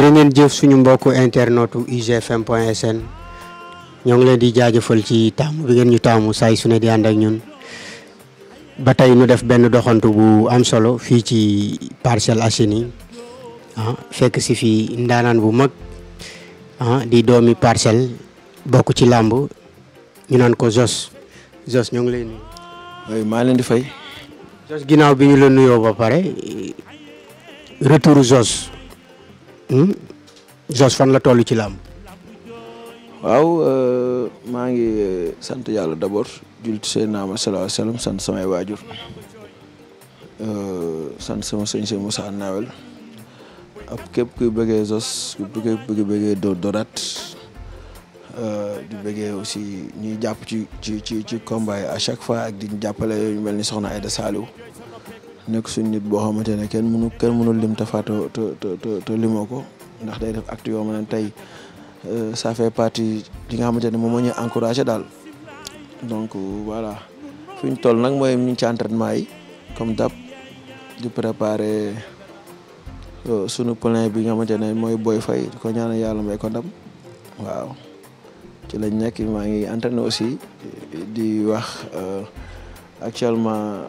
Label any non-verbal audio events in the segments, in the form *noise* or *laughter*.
jërëngën jëf suñu mbokk internetu ugfm point ñoo ngi leen di jaajëfal ci taamu bi ngeen ñu taamu saay su ne di ànd ak ñun ba tey ñu def benn doxantu bu am solo fii ci asini. asini ah fekk si fii ndaanaan bu mag ah di doomi parcelle bokk ci làmb ñu naan ko jos jos ñoo ngi lay nuyu. oui maa leen di fay. jos ginnaaw bi ñu la nuyoo ba pare retour jos Zoss hmm? fan la toll ci làmb waaw euh, maa ngi euh, sant yàlla d'abord jullit seen naama salaahu salaam sant samay waajur euh, sant sama sëñ sëñ Moussa Nawel ak képp kuy bëggee Zoss képp kuy bëggee do dorat di bëggee aussi ñuy jàpp ci ci ci ci combat yi à chaque fois ak di jàppale yooyu mel ni soxna ay Aïda Saliou nek suñ nit bo xamantene ne kenn mënu kenn mënul lim ta te to to to limoo ko ndax day def acte yo xam tay ça fait partie li nga xamantene mo moom moo ñu encouragé daal donc euh, voilà fuñ ñu toll nag mooy ñu ci entraînement yi comme dab di préparer euh, sunu plan bi nga xamantene moy Boy fay ko ñaanal yalla may ko ndam waaw ci lañ nekk ma ngi entraîner aussi di wax euh, actuellement.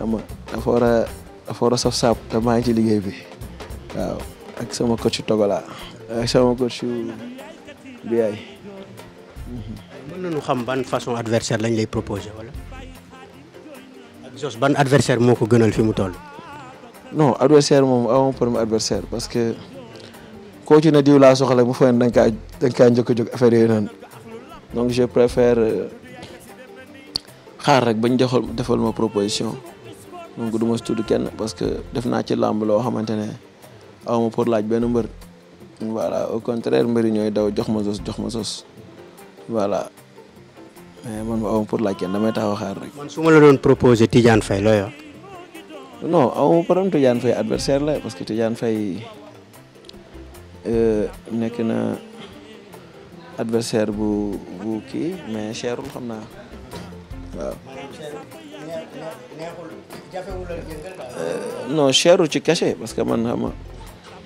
xam nga dafa war maa ngi ci liggéey bi waaw ak sama coach Togola ak sama coach Biaye. mën nañu xam ban façon adversaire lañ lay proposer wala. ak ban adversaire moo ko gënal fi mu toll. non adversaire moom amoon premier adversaire parce que koo ci ne diw laa soxla mu foog ne da nga kaa da nga affaire yooyu noonu donc je préfère euh, xaar rek bañ joxal defal ma proposition. donc du ma si tudd kenn parce que def naa ci làmb loo xamante ne awma pour laaj benn mbër voilà au contraire mbër ñooy daw jox ma sos jox ma sos voilà mais man ma awma pour laaj kenn damay taxaw xaar rek. man su ma la doon proposé Tidiane Faye loo yor. non awma problème Tidiane Faye adversaire la parce que Tidiane Faye euh, nekk na adversaire bu bu kii mais cherul xam naa waaw. no cheru ci kache parce que man xam nga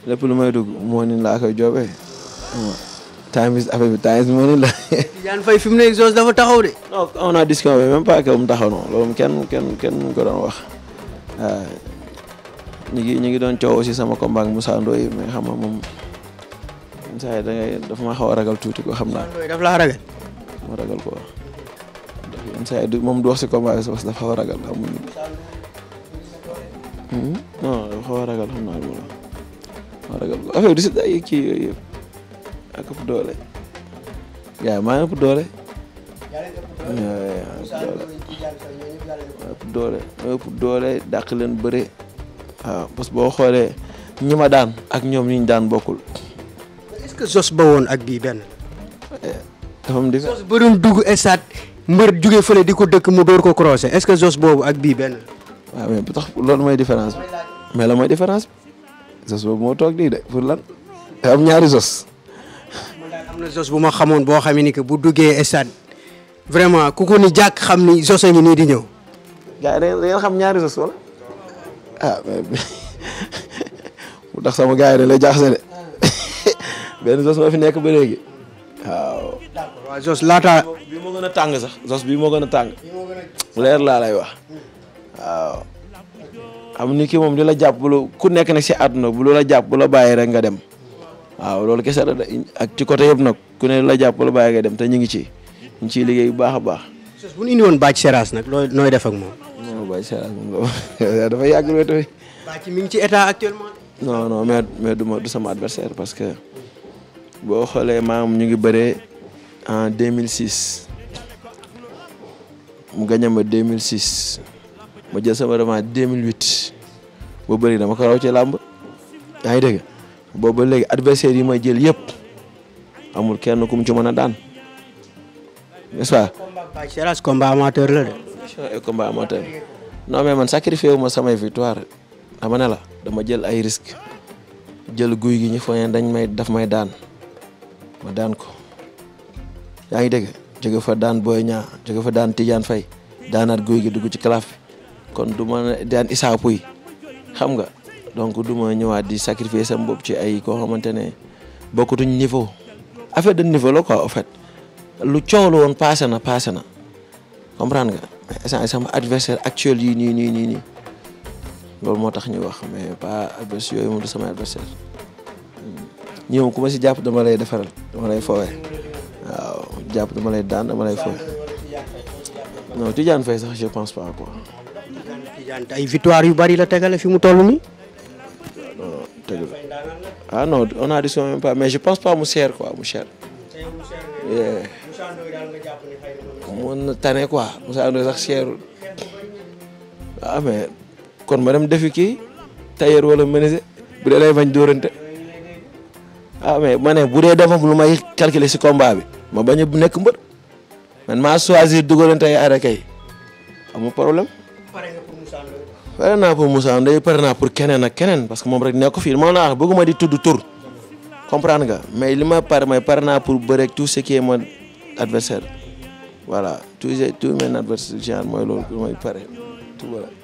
lépp lu may dugg moo nin laa koy joobee time is affaire bi time is moo nin la. Tidiane mu ne dafa taxaw de. non on a discuté même pas que mu taxaw noonu kenn kenn kenn mu ko doon wax waaw euh, ñu ngi ñu ngi doon coow aussi sama combat ak Moussa mais xam nga moom saa yi da ngay dafa ma xaw a ragal tuuti ko xam naa. Moussa Ndoye daf yenn saa yi du moom du wax si combat bi parce que dafa xaw a ragal xamuñ hmm? non dafa xaw a ragal xam naa loolu xaw a ragal ko affaire bi du si day kii yooyu yëpp ak ëpp doole gars yi maa ngi ëpp doole. ëpp doole ëpp doole dàq leen bëre waaw parce que boo xoolee ñi ma daan ak ñoom ñi ñu daan bokkul. est-ce que sos ba woon ak bii benn. Eh, dafa am différence sos ba doon dugg stade mbër jugee fële di ko dëkk mu door ko croisé est-ce que jos boobu ak bii benn. waaw mais tax loolu mooy différence bi mais la mooy différence bi jos boobu moo toog nii de pour lan te am ñaari jos. am na jos bu ma xamoon boo xam ni que bu duggee stade vraiment ku ko ni jàkk xam ni jos a ngi nii di ñëw. gars yi da xam ñaari jos wala ah *laughs* mu tax sama gars yi dañ lay jaaxase de *laughs* benn jos moo fi nekk ba léegi waaw. waaw Jos laataa. bii moo gën a tàng sax Jos bii moo gën a tàng. leer laa lay wax waaw. am ni ki moom di la jàpp lu ku nekk nag si àdduna bu la jàpp bu la bàyyi rek nga dem waaw loolu kese la ak ci côté yëpp nag ku ne la jàpp bu la bàyyi nga dem te ñu ngi ci ñu ciy liggéey bu baax a baax. Jos bu ñu indi woon Bathie Seras nag looy nooy def ak moom. non Bathie *laughs* mi ngi ci état actuellement. non non mais du ma du sama adversaire parce que boo xoolee maam ñu ngi en 2006 mu gagné ma 2006 ma jël sama revanche 2008 boo bëri dama ko raw ci làmb yaa ngi dégg boobu ba léegi adversaire yi may jël yëpp amul kenn ku mu ci mën a daan n'est-ce pas. combat combat amateur la de. combat amateur non mais man sacrifié wu ma samay victoire dama ne la dama jël ay risques jël guy gi ñu foog dañ may daf may daan ma daan ko. yaa ngi dégg jóge fa daan Boy Niang jóge fa daan Tidiane fay daanaat guy gi dugg ci calaf bi kon du ma daan Issa Pouye xam nga donc du ma ñëwaat di sacrifier sam bopp ci ay koo xamante ne bokkutuñ niveau affaire de niveau la quoi au fait lu coow la woon passé na passé na comprendre nga mais sama adversaire actuel yi nii nii nii nii loolu moo tax ñu wax mais pas adversaire yooyu mu du sama adversaire hmm. ñi ku ma si jàpp dama lay defaral dama lay foowee waaw jàpp dama lay daan dama lay fay non Tidiane Faye sax je pense pas quoi. ay victoire yu bari la tegale fi mu toll nii. non non tegul ah mu cher sax cherul. ah mais kon ma dem defi kii wala menuisier bu dee lay bañ dóorante ah mais ma ne bu dee dafa am may calculer ci combat bi. ma bañ a nekk mbër man maa choisir dugalante ay arrêt kay a problème. pare nga pour pare naa pour Moussa Ndoye pare naa pour keneen ak keneen parce que moom rek nekk fii moo la wax bëgguma di tudd tur. comprendre nga mais li ma pare mooy pare naa pour bëre tout ce qui est adversaire voilà tout ce tout mon adversaire genre loolu mooy pare tout voilà.